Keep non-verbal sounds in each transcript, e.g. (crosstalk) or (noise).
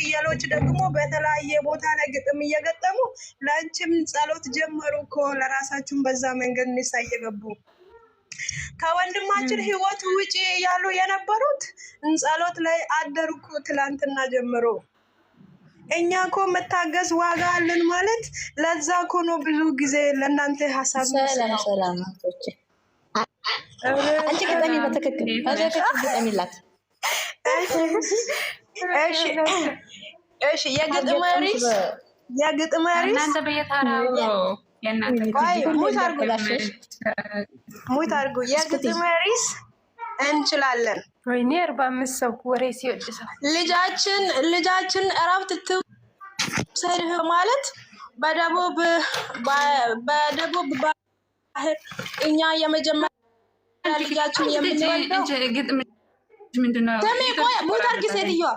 ፍየሎች ደግሞ በተለያየ ቦታ ላይ ግጥም እየገጠሙ ለአንቺም ጸሎት ጀመሩ እኮ ለራሳችሁን በዛ መንገድ ንሳ እየገቡ ከወንድማችን ህይወት ውጪ ያሉ የነበሩት ጸሎት ላይ አደርኩ ትላንትና ጀምሮ። እኛ ኮ መታገዝ ዋጋ አለን ማለት ለዛ ኮ ነው። ብዙ ጊዜ ለእናንተ ሀሳብ አንቺ ገጠሚ በትክክል ገጠሚላት እሺ የግጥም ርዕስ የግጥም እናንተ በየታራ ሙት አድርጉ የግጥም ርዕስ እንችላለን። ወይኔ አርባ አምስት ሰው ወሬ ሲወድ ሰው ልጃችን ልጃችን እረፍት ትውሰድ ማለት በደቡብ በደቡብ ባህር እኛ የመጀመሪያ ልጃችን የምንወደው ምንድን ነው? ሙት አድርጊ ሴትዮዋ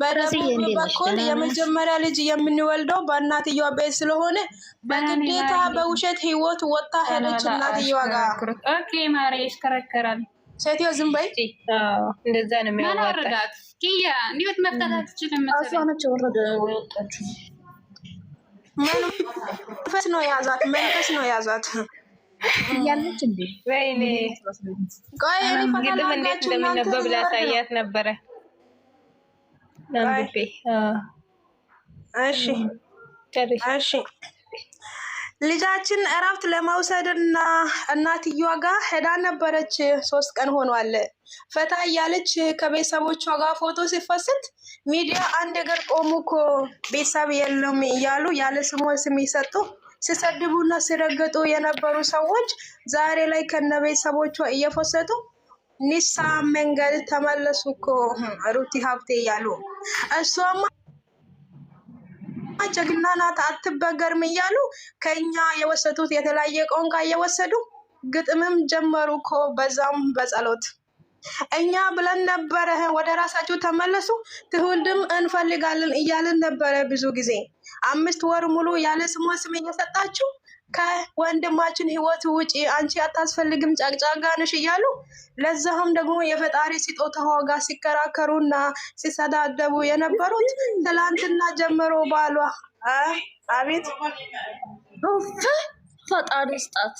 በደብ በኩል የመጀመሪያ ልጅ የምንወልደው በእናትየዋ ቤት ስለሆነ በግዴታ በውሸት ህይወት ወጣ ሄደች። እናትየዋ ጋር ማሪ ይሽከረከራል። ሴትዮ ዝም በይ። እንደዛ ነው የሚያወጣት። ያ እንዲወት መፍታት ነው የያዛት፣ መንፈስ ነው የያዛት ያለች እንዴ። ወይኔ ቆይ፣ ግጥም እንዴት እንደሚነበብ ላሳያት ነበረ Uh, um, እሺ ልጃችን እረፍት ለመውሰድ እና እናትየዋ ጋር ሄዳ ነበረች። ሶስት ቀን ሆኗል። ፈታ እያለች ከቤተሰቦቿ ጋር ፎቶ ሲፈስት ሚዲያ አንድ እግር ቆሙ እኮ ቤተሰብ የለም እያሉ ያለ ስሟ ስም ይሰጡ ሲሰድቡና ሲረግጡ የነበሩ ሰዎች ዛሬ ላይ ከነ ቤተሰቦቿ እየፈሰጡ ኒሳ መንገድ ተመለሱ እኮ ሩቲ ሀብቴ እያሉ እሷማ ጀግና ናት አትበገርም እያሉ ከኛ የወሰዱት የተለያየ ቋንቋ እየወሰዱ ግጥምም ጀመሩ እኮ በዛም በጸሎት እኛ ብለን ነበረ ወደ ራሳችሁ ተመለሱ ትውልድም እንፈልጋለን እያልን ነበረ ብዙ ጊዜ አምስት ወር ሙሉ ያለ ስሟ ስም እየሰጣችሁ ከወንድማችን ህይወት ውጪ አንቺ አታስፈልግም፣ ጫቅጫጋ ነሽ እያሉ ለዛም ደግሞ የፈጣሪ ስጦታዋ ጋር ሲከራከሩና ሲሰዳደቡ የነበሩት ትላንትና ጀምሮ ባሏ አቤት ፈጣሪ ስጣት።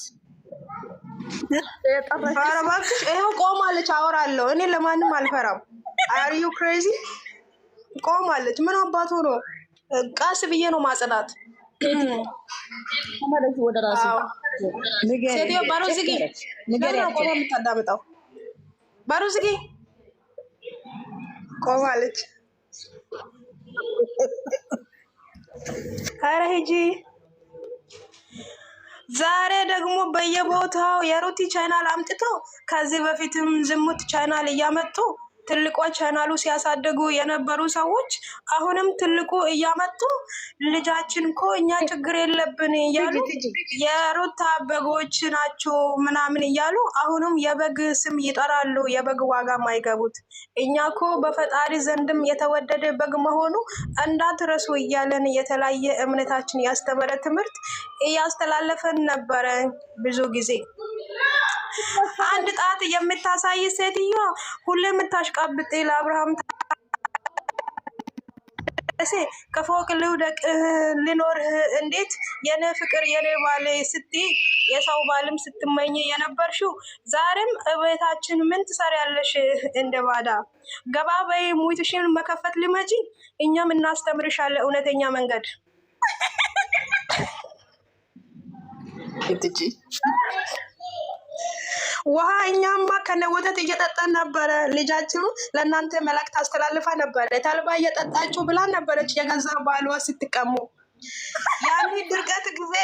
ኧረ እባክሽ ይኸው ቆማለች፣ አወራለሁ እኔ ለማንም አልፈራም። አርዩ ክሬዚ ቆማለች። ምን አባቱ ነው? ቀስ ብዬ ነው ማጽዳት ተመለሱ ወደ ራሱ። ሴትዮ ባሮ ዝጊ፣ የምታዳምጠው ባሮ ዝጊ፣ ቆማለች። ኧረ ሂጂ። ዛሬ ደግሞ በየቦታው የሩቲ ቻናል አምጥቶ ከዚህ በፊትም ዝሙት ቻናል እያመጡ ትልቋ ቻናሉ ሲያሳድጉ የነበሩ ሰዎች አሁንም ትልቁ እያመጡ ልጃችን እኮ እኛ ችግር የለብን እያሉ የሩታ በጎች ናቸው ምናምን እያሉ አሁንም የበግ ስም ይጠራሉ። የበግ ዋጋ ማይገቡት እኛ እኮ በፈጣሪ ዘንድም የተወደደ በግ መሆኑ እንዳትረሱ እያለን የተለያየ እምነታችን ያስተማረ ትምህርት እያስተላለፈን ነበረ ብዙ ጊዜ አንድ ጣት የምታሳይ ሴትዮ ሁሌ የምታሽቃብጥ ለአብርሃም እሴ ከፎቅ ልውደቅ ልኖርህ እንዴት የኔ ፍቅር የኔ ባል ስቲ የሰው ባልም ስትመኝ የነበርሽው ዛሬም እቤታችን ምን ትሰሪያለሽ? እንደ ባዳ ገባ በይ ሙትሽን መከፈት ልመጪ፣ እኛም እናስተምርሻለ እውነተኛ መንገድ (laughs) ትጂ ውሃ እኛማ ከነ ወተት እየጠጣ ነበረ። ልጃችን ለእናንተ መልእክት አስተላልፋ ነበረ። ተልባ እየጠጣችሁ ብላ ነበረች የገዛ ባሏ ስትቀሙ ያኔ ድርቀት ጊዜ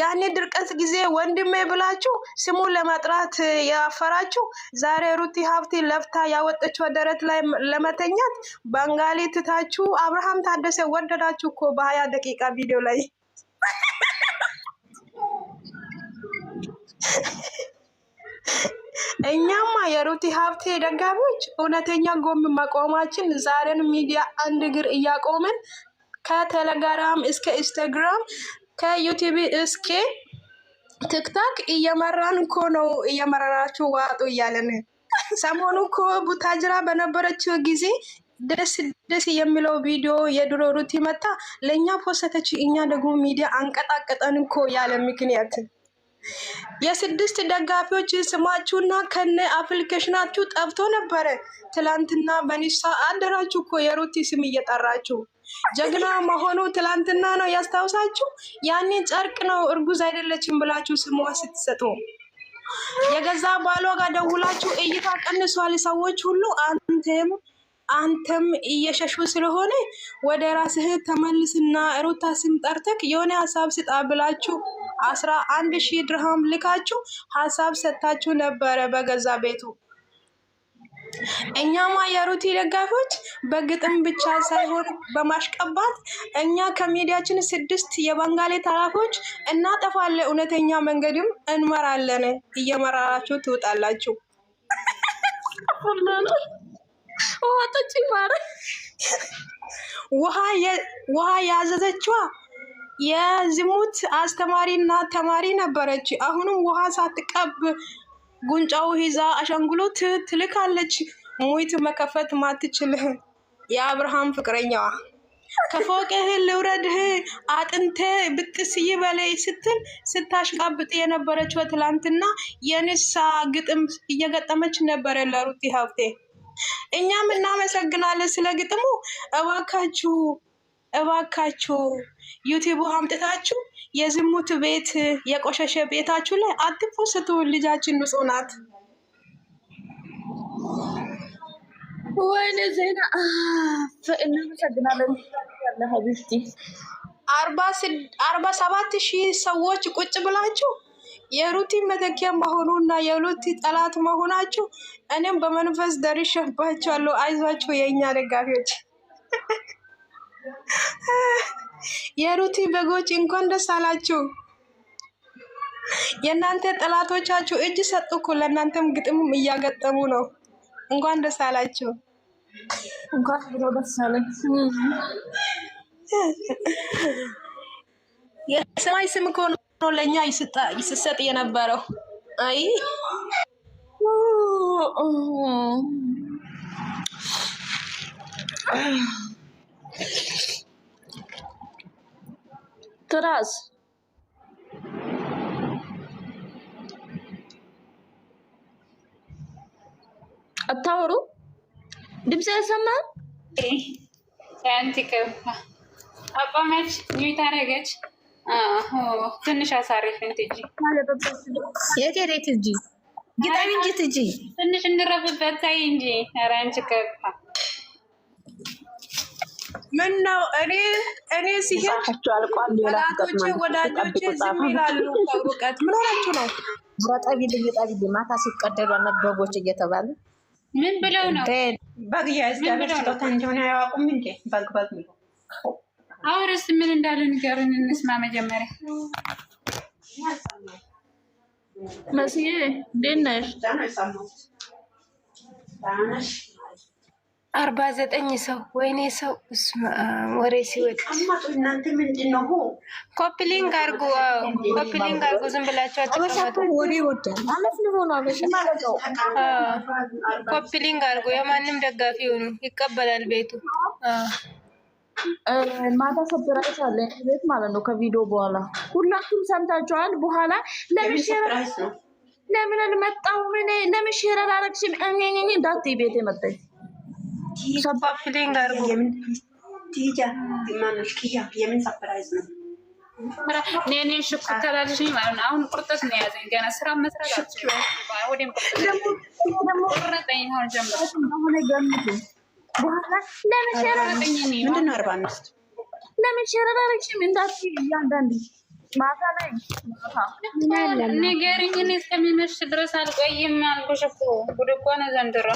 ያኔ ድርቀት ጊዜ ወንድሜ ብላችሁ ስሙን ለመጥራት ያፈራችሁ፣ ዛሬ ሩቲ ሀብቲ ለፍታ ያወጠችው ደረት ላይ ለመተኛት ባንጋሊ ትታችሁ አብርሃም ታደሰ ወደዳችሁ እኮ በሀያ ደቂቃ ቪዲዮ ላይ እኛማ የሩቲ ሀብቴ ደጋፊዎች እውነተኛ ጎን መቆማችን ዛሬን ሚዲያ አንድ እግር እያቆምን ከተለጋራም እስከ ኢንስታግራም ከዩቲዩብ እስከ ቲክታክ እየመራን እኮ ነው። እየመራራችሁ ዋጡ እያለን ሰሞኑ እኮ ቡታጅራ በነበረችው ጊዜ ደስ ደስ የሚለው ቪዲዮ የድሮ ሩቲ መታ ለእኛ ፖሰተች፣ እኛ ደግሞ ሚዲያ አንቀጣቀጠን እኮ ያለ ምክንያት የስድስት ደጋፊዎች ስማችሁና ከነ አፕሊኬሽናችሁ ጠፍቶ ነበረ። ትላንትና በኒሳ አደራችሁ እኮ የሩቲ ስም እየጠራችሁ ጀግና መሆኑ ትላንትና ነው ያስታውሳችሁ። ያኔ ጨርቅ ነው እርጉዝ አይደለችም ብላችሁ ስሟ ስትሰጡ የገዛ ባሏ ጋር ደውላችሁ እይታ ቀንሷል ሰዎች ሁሉ አንተም አንተም እየሸሹ ስለሆነ ወደ ራስህ ተመልስና ሩታ ስም ጠርተክ የሆነ ሀሳብ ስጣ ብላችሁ አስራ አንድ ሺህ ድርሃም ልካችሁ ሀሳብ ሰጥታችሁ ነበረ በገዛ ቤቱ። እኛማ የሩቲ ደጋፊዎች በግጥም ብቻ ሳይሆን በማሽቀባት እኛ ከሚዲያችን ስድስት የባንጋሌ ታራፎች እናጠፋለን፣ እውነተኛ መንገድም እንመራለን። እየመራራችሁ ትውጣላችሁ። ውሃ ጠጭኝ ማረ ውሃ ያዘዘችዋ የዝሙት አስተማሪና ተማሪ ነበረች። አሁንም ውሃ ሳትቀብ ጉንጫው ይዛ አሻንጉሎት ትልካለች። ሙይት መከፈት ማትችል የአብርሃም ፍቅረኛዋ ከፎቅህ ልውረድህ አጥንቴ ብጥስ ይበለይ ስትል ስታሽቃብጥ የነበረችው ትላንትና የንሳ ግጥም እየገጠመች ነበረ ለሩቲ ሀብቴ። እኛም እናመሰግናለን ስለ ግጥሙ። እባካችሁ እባካችሁ ዩቲቡ አምጥታችሁ የዝሙት ቤት የቆሸሸ ቤታችሁ ላይ አትፎ ልጃችን ንጹህ ናት። ወይኔ ዜና እናመሰግናለን። አርባ ሰባት ሺህ ሰዎች ቁጭ ብላችሁ የሩቲ መተኪያ መሆኑና የሩቲ ጠላት መሆናችሁ እኔም በመንፈስ ደርሼባቸዋለሁ። አይዟችሁ የእኛ ደጋፊዎች፣ የሩቲ በጎች እንኳን ደስ አላችሁ። የእናንተ ጠላቶቻችሁ እጅ ሰጡ እኮ ለእናንተም ግጥምም እያገጠሙ ነው። እንኳን ደስ አላችሁ። እንኳን ብሎ ደስ የሰማይ ስም እኮ ነው ለእኛ ይሰጥ የነበረው። አይ Тарас. አታወሩ ድምፅ ያሰማ ያንቲ አቋመች ኒታ ረገች ትንሽ አሳሪፍ ንትጂ የቴሬት እጂ ግጣሚ እንጂ ትጂ ትንሽ እንረፍበት። ታይ እንጂ ራንች ከፋ ምን ነው? እኔ እኔ ሲሄድ ጠላቶቼ ወዳጆች ዝም ይላሉ። ከሩቀት ምን ሆናችሁ ነው? ጠቢልኝ ጠቢልኝ ማታ ሲቀደዱ በጎች እየተባሉ ምን ብለው ነው? በግ ያዝጋለ ችሎታ እንደሆነ አያውቁም እንዴ? በግ በግ ሚሉ አሁን ምን እንዳለ ንገርን እንስማ መጀመሪያ መስዬ እንዴት ነሽ? አርባ ዘጠኝ ሰው ወይኔ ሰው ወሬ ሲወድ ኮፕሊንግ አርጉ፣ ኮፕሊንግ አርጉ። ዝም ብላቸው ኮፕሊንግ አርጉ። የማንም ደጋፊ ሆኑ ይቀበላል ቤቱ ማታ ሰፕራይዝ አለ ቤት ማለት ነው። ከቪዲዮ በኋላ ሁላችሁም ሰምታችኋል። በኋላ ለምን አልመጣሁ ምን ለምን ሼር አላረግሽም እንዳት ቤት የመጣች የምን ሰፕራይዝ ነው? እኔ ሽኩ ተላልሽኝ ማለት ነው። አሁን ቁርጠት ነው የያዘኝ ገና ስራ መስራት አልችልም። ወዲም ቁርጠት ደግሞ ቁርጠኝ ሆን ጀምረ ምንድን አርባ አምስት ለምን ድረስ አልቆይም አልኩሽ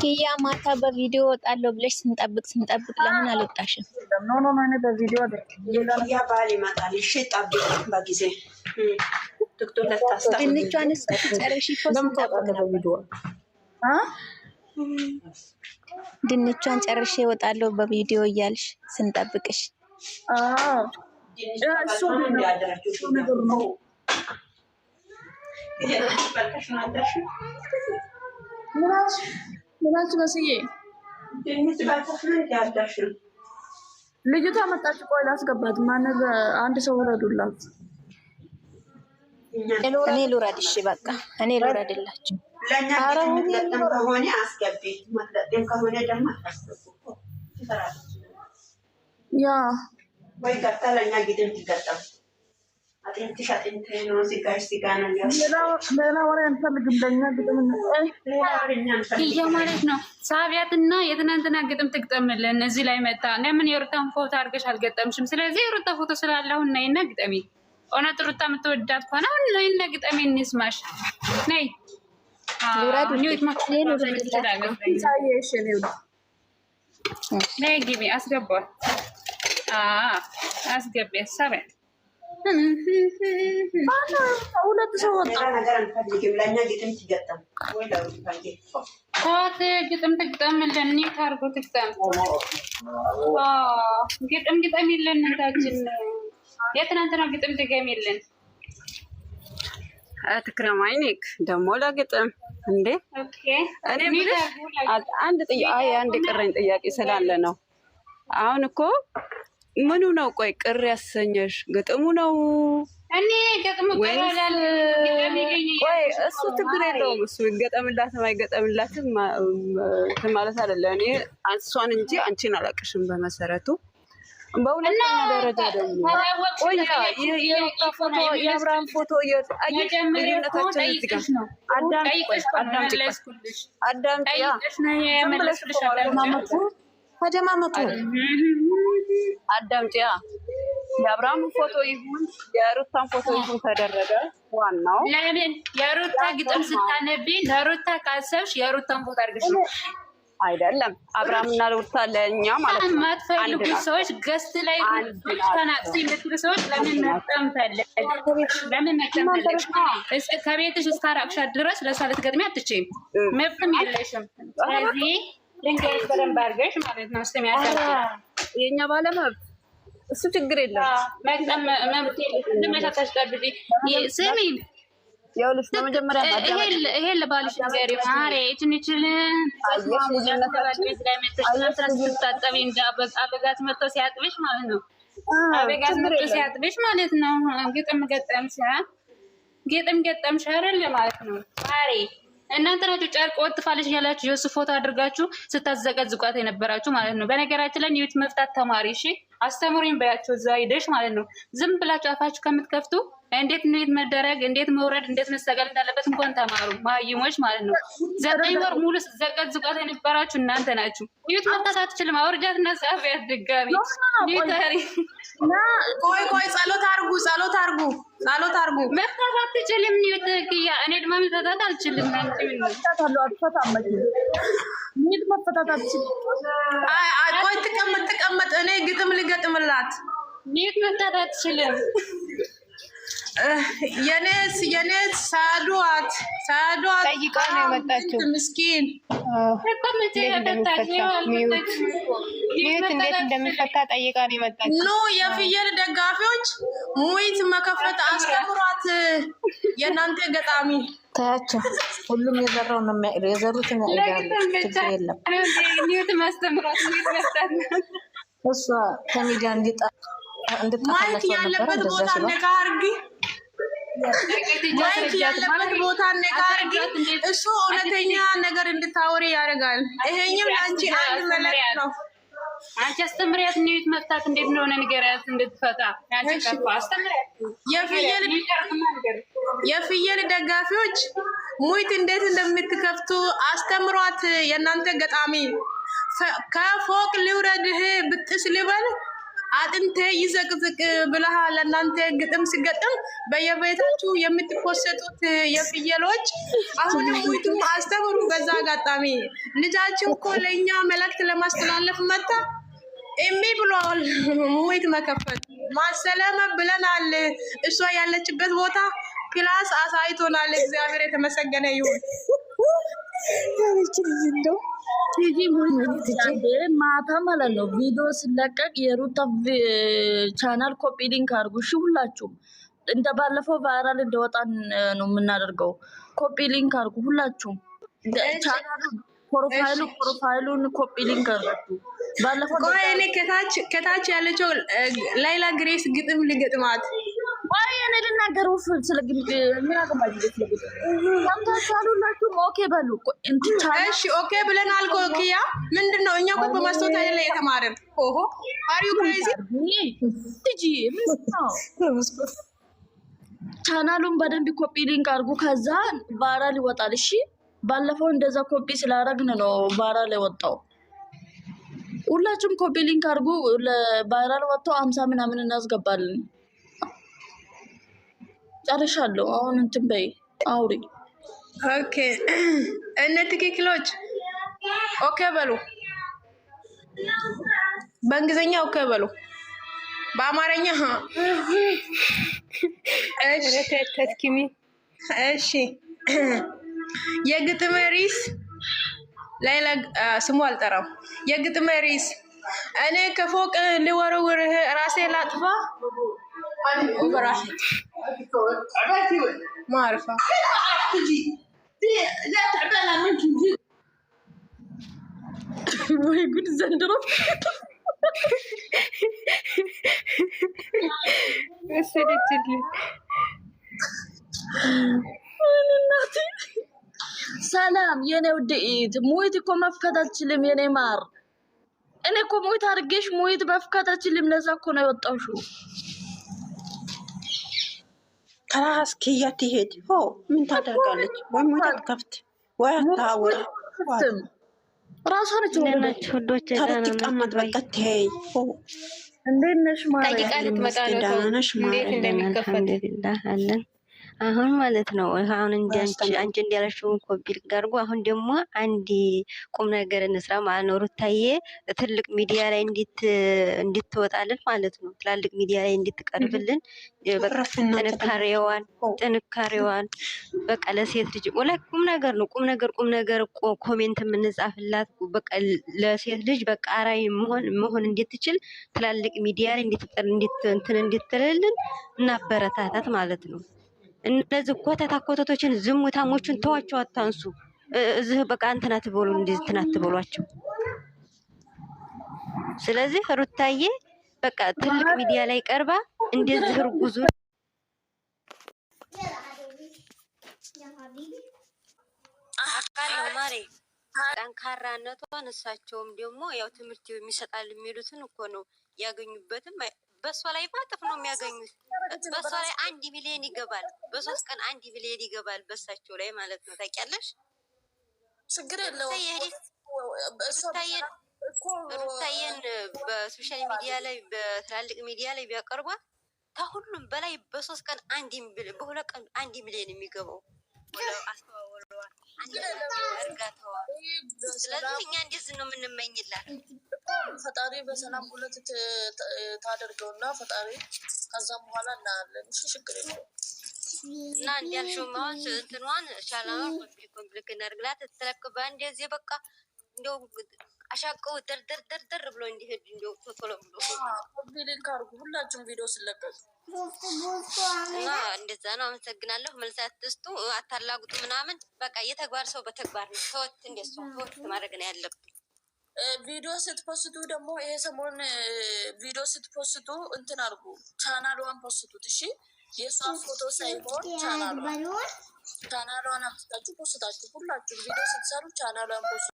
ኪያ ማታ በቪዲዮ ወጣለሁ ብለሽ ስንጠብቅ ስንጠብቅ ለምን አልወጣሽም? ኖ ኖ ኖ፣ እኔ በቪዲዮ ያ በዓል ይመጣል። እሺ ጠብቅ፣ በጊዜ ድንቿን እስከ ጨረሽ እኮ ስንጠብቅ ነበር ድንቿን ጨርሼ እወጣለሁ በቪዲዮ እያልሽ ስንጠብቅሽ ምናልቱ መስዬ ልጅቷ መጣች። ቆይ ላስገባት። አንድ ሰው ውረዱላት። እኔ ልውረድ። እሺ በቃ እኔ ልውረድላችሁ። ለእኛ ከሆነ አስገቢ፣ ከሆነ ደግሞ አታስገቡ። ያ ወይ ገብታ ለእኛ ነው፣ ሳቢያትና የትናንትና ግጥም ትግጠምልን እዚህ ላይ መጣ። ለምን የሩታን ፎቶ አድርገሽ አልገጠምሽም? ስለዚህ የሩታ ፎቶ ስላለሁን ነይና ግጠሚ። እውነት ሩታ የምትወዳት ከሆነ ነይና ግጠሚ፣ እንስማሽ ነይ ግቢ አስገባት፣ አስገቢ ሰበን ሁለት ሰው ወጣ። ተዋት፣ ግጥም ትግጠምልን፣ ታርጎ ትግጠም፣ ግጥም ግጠሚልን። ታችን የትናንትና ግጥም ድገሚልን ትክረማይኔክ ደግሞ ለግጥም እንዴ እኔ የምልሽ አንድ ጥያቄ አንድ የቀረኝ ጥያቄ ስላለ ነው። አሁን እኮ ምኑ ነው ቆይ ቅር ያሰኘሽ ግጥሙ ነው? እኔ ቆይ እሱ ችግር የለውም። እሱ ይገጠምላትም አይገጠምላትም ማለት አይደለም። እኔ እሷን እንጂ አንቺን አላቅሽም በመሰረቱ በሁለተኛ ደረጃ ደግሞ ፎቶ የአብርሃም ፎቶ ልዩነታችን እዚህ ጋር አዳምጪ። ተደማመጡ፣ አዳምጪ። የአብርሃም ፎቶ ይሁን የሩታን ፎቶ ይሁን ተደረገ። ዋናው ለምን የሩታ ግጥም ስታነቢ ለሩታ ካሰብሽ የሩታን ፎቶ አድርገሽ ነው አይደለም እና ሩታ ለእኛ ማለት ነው። የማትፈልጉ ሰዎች ገስት ላይ ተናቅሲ የምትሉ ሰዎች ለምን መጠም ፈለግ ለምን መጠም ፈለግ ከቤትሽ እስካራቅሻት ድረስ ለእሷ ልትገጥሚ አትችይም፣ መብትም የለሽም። ስለዚህ ድንገት በደንብ አድርገሽ ማለት ነው ስም ያለ የእኛ ባለመብት እሱ ችግር የለም መብት ይኸውልሽ በመጀመሪያ ይሄ ለባልሽ ነገር ማሬ ትንችል ስታጠቢ እንደ አበጋት መጥቶ ሲያጥብሽ ማለት ነው። አበጋት መጥቶ ሲያጥብሽ ማለት ነው። ግጥም ገጠምሽ፣ ግጥም ገጠምሽ አይደል ማለት ነው ማሬ እናንተ ናችሁ ጨርቅ ወጥፋለች እያላችሁ የእሱ ፎቶ አድርጋችሁ ስታዘቀዝቋት የነበራችሁ ማለት ነው። በነገራችን ላይ ኒዩት መፍታት ተማሪ እሺ፣ አስተምሪኝ በያቸው እዛ ሂደሽ ማለት ነው። ዝም ብላችሁ አፋችሁ ከምትከፍቱ እንዴት ኒዩት መደረግ እንዴት መውረድ እንዴት መሰቀል እንዳለበት እንኳን ተማሩ ማይሞች ማለት ነው። ዘጠኝ ወር ሙሉ ስትዘቀዝቋት የነበራችሁ እናንተ ናችሁ። ኒዩት መፍታት አትችልም። አውርጃት እና ጻፊያት ድጋሚ ቆይ ቆይ፣ ጸሎት አርጉ፣ ጸሎት አርጉ ጸሎት አርጉ መፍታት አትችልም። እኔ ድማ መፈታት አልችልም። ቆይ ትቀመጥ ትቀመጥ። እኔ ግጥም ልገጥምላት። መፍታት አትችልም። የኔስ የኔስ ሳዱት ሳዱት ጠይቃ ነው የመጣችው። ምስኪን ሚዩት እንዴት እንደሚፈታ ጠይቃ ነው የመጣችው። ኑ የፍየል ደጋፊዎች ሙይት መከፈት አስተምሯት። የእናንተ ገጣሚ ታያቸው። ሁሉም የዘራው ነው የሚያቅደው። የዘሩትን ያቅዳሉ። የለም። ሚዩት ማስተምሯት ሚዩት መስጠት እሷ ከሚዲያ እንዲጣ እንድታፈለፈ ነበር። እንደዛ ሲሏ ማይክ ያለበት ቦታ ነቃ አድርጊ። እሱ እውነተኛ ነገር እንድታወሪ ያደርጋል። ይሄኛው ለአንቺ አንድ መለክ ነው። አንቺ አስተምሪያት ኒውት መፍታት እንዴት እንደሆነ ንገሪያት፣ እንድትፈታ የፍየል ደጋፊዎች ሙይት እንዴት እንደምትከፍቱ አስተምሯት። የእናንተ ገጣሚ ከፎቅ ልውረድህ ብጥስ ልበል አጥንቴ ይዘቅዝቅ ብለሃ ለእናንተ ግጥም ሲገጥም በየቤታችሁ የምትፖሰጡት የፍየሎች አሁን ሁቱም አስተምሩ። በዛ አጋጣሚ ልጃችን እኮ ለእኛ መልእክት ለማስተላለፍ መጣ። እምቢ ብሏል። ሙይት መከፈት ማሰለመ ብለናል። እሷ ያለችበት ቦታ ክላስ አሳይቶናል። እግዚአብሔር የተመሰገነ ይሁን። ያለችን እንደው ማታ ማለት ነው ቪዲዮ ሲለቀቅ የሩታ ቻናል ኮፒ ሊንክ አድርጉ። እሺ ሁላችሁም እንደ ባለፈው ቫይራል እንደወጣ ነው የምናደርገው። ኮፒ ሊንክ አድርጉ ሁላችሁም። ፕሮፋይሉ ፕሮፋይሉን ኮፒ ሊንክ አድርጋችሁ ባለፈው ከታች ያለችው ላይላ ግሬስ ግጥም ልገጥማት እኔ ልናገር። ውፍ ኦኬ በሉ። እሺ ኦኬ ብለናል ምንድን ነው እኛ የተማርን። ኦሆ አር ክሬዚ ልጅ ቻናሉን በደንብ ኮፒ ሊንክ አድርጉ። ከዛ ባራ ይወጣል። እሺ ባለፈው እንደዛ ኮፒ ስላረግን ነው ቫይራል የወጣው። ሁላችሁም ኮፒ ሊንክ አድርጉ። ቫይራል ወጥተው አምሳ ምናምን እናስገባለን። ጨርሻለሁ። አሁን እንትን በይ አውሪ። ኦኬ (clears throat) እነ ትክክሎች ኦኬ በሉ። በእንግሊዝኛ ኦኬ በሉ። በአማርኛ ተትኪሚ። እሺ የግጥም ርዕስ ሌላ ስሙ አልጠራም። የግጥም ርዕስ እኔ ከፎቅ ልወረውርህ ራሴ ላጥፋ ما اعرفها لا تعبانه منك ወይ ጉድ ዘንድሮ ወሰደችልኝ። ሰላም የኔ ውድኢት ሙይት እኮ መፍከት አልችልም። የኔ ማር እኔ እኮ ሙይት አድርጌሽ ሙይት መፍከት አልችልም። ለዛ እኮ ነው የወጣውሹ ከራስ ክያ ትሄድ ምን ታደርጋለች? ወይም ወይ አትከፍት ወይ አታውል ራሷ ነች ትቀመጥ። በቃ ትይ እንዴት ነሽ ማለት ጠይቃ ልትመጣ ነው። ሰው እንዴት እንደሚከፈት አለን አሁን ማለት ነው አሁን አንቺ እንዲያለሽውን ኮፒ ልክ አድርጎ አሁን ደግሞ አንድ ቁም ነገር እንስራ ማለት ነው። ሩታዬ ትልቅ ሚዲያ ላይ እንድትወጣልን ማለት ነው። ትላልቅ ሚዲያ ላይ እንድትቀርብልን ጥንካሬዋን ጥንካሬዋን በቃ ለሴት ልጅ ወላሂ ቁም ነገር ነው። ቁም ነገር ቁም ነገር ኮሜንት የምንጻፍላት በቃ ለሴት ልጅ በቃ አራይ መሆን መሆን እንድትችል ትላልቅ ሚዲያ ላይ እንትን እንድትልልን እናበረታታት ማለት ነው። እነዚህ ኮተታ ኮተቶችን ዝሙታሞችን ተዋቸው፣ አታንሱ። እዚህ በቃ እንትና ትበሉ እንደዚህ እንትና ትበሏቸው። ስለዚህ ሩታዬ በቃ ትልቅ ሚዲያ ላይ ቀርባ እንደዚህ እርጉዙ ጠንካራነቷን እሳቸውም ደግሞ ያው ትምህርት የሚሰጣል የሚሉትን እኮ ነው ያገኙበትም በእሷ ላይ ማጥፍ ነው የሚያገኙት። በእሷ ላይ አንድ ሚሊዮን ይገባል። በሶስት ቀን አንድ ሚሊዮን ይገባል በእሳቸው ላይ ማለት ነው። ታውቂያለሽ፣ ችግር የለውም። ሩታዬን በሶሻል ሚዲያ ላይ በትላልቅ ሚዲያ ላይ ቢያቀርቧል ከሁሉም በላይ በሶስት ቀን አንድ በሁለት ቀን አንድ ሚሊዮን የሚገባው አስተዋውለዋል፣ ስለዚህ እኛ እንደዚህ ነው የምንመኝላት ፈጣሪ በሰላም ሁለት ታደርገው እና ፈጣሪ ከዛም በኋላ እናያለን። እሺ ችግር የለውም። እና እንዲያልሽማዎች እንትኗን ሻላማ ኮምፕሊክ እናድርግላት ትለቅበ እንደዚህ በቃ እንደው አሻቀው ድርድር ድርድር ብሎ እንዲሄድ እንዲያው ቶሎ ብሎ ኮምፕሊክ አድርጉ ሁላችሁም ቪዲዮ ስለቀቁ እና እንደዛ ነው። አመሰግናለሁ። መልስ ትስጡ አታላጉጡ ምናምን በቃ የተግባር ሰው በተግባር ነው። ተወት እንደሱ ተወት ማድረግ ነው ያለብን። ቪዲዮ ስትፖስቱ ደግሞ ይሄ ሰሞን ቪዲዮ ስትፖስቱ እንትን አድርጉ፣ ቻናሏን ፖስቱት። እሺ የእሷን ፎቶ ሳይሆን ቻናሏን ቻናሏን አምስታችሁ ፖስታችሁ ሁላችሁ ቪዲዮ ስትሰሩ ቻናሏን ፖስቱ።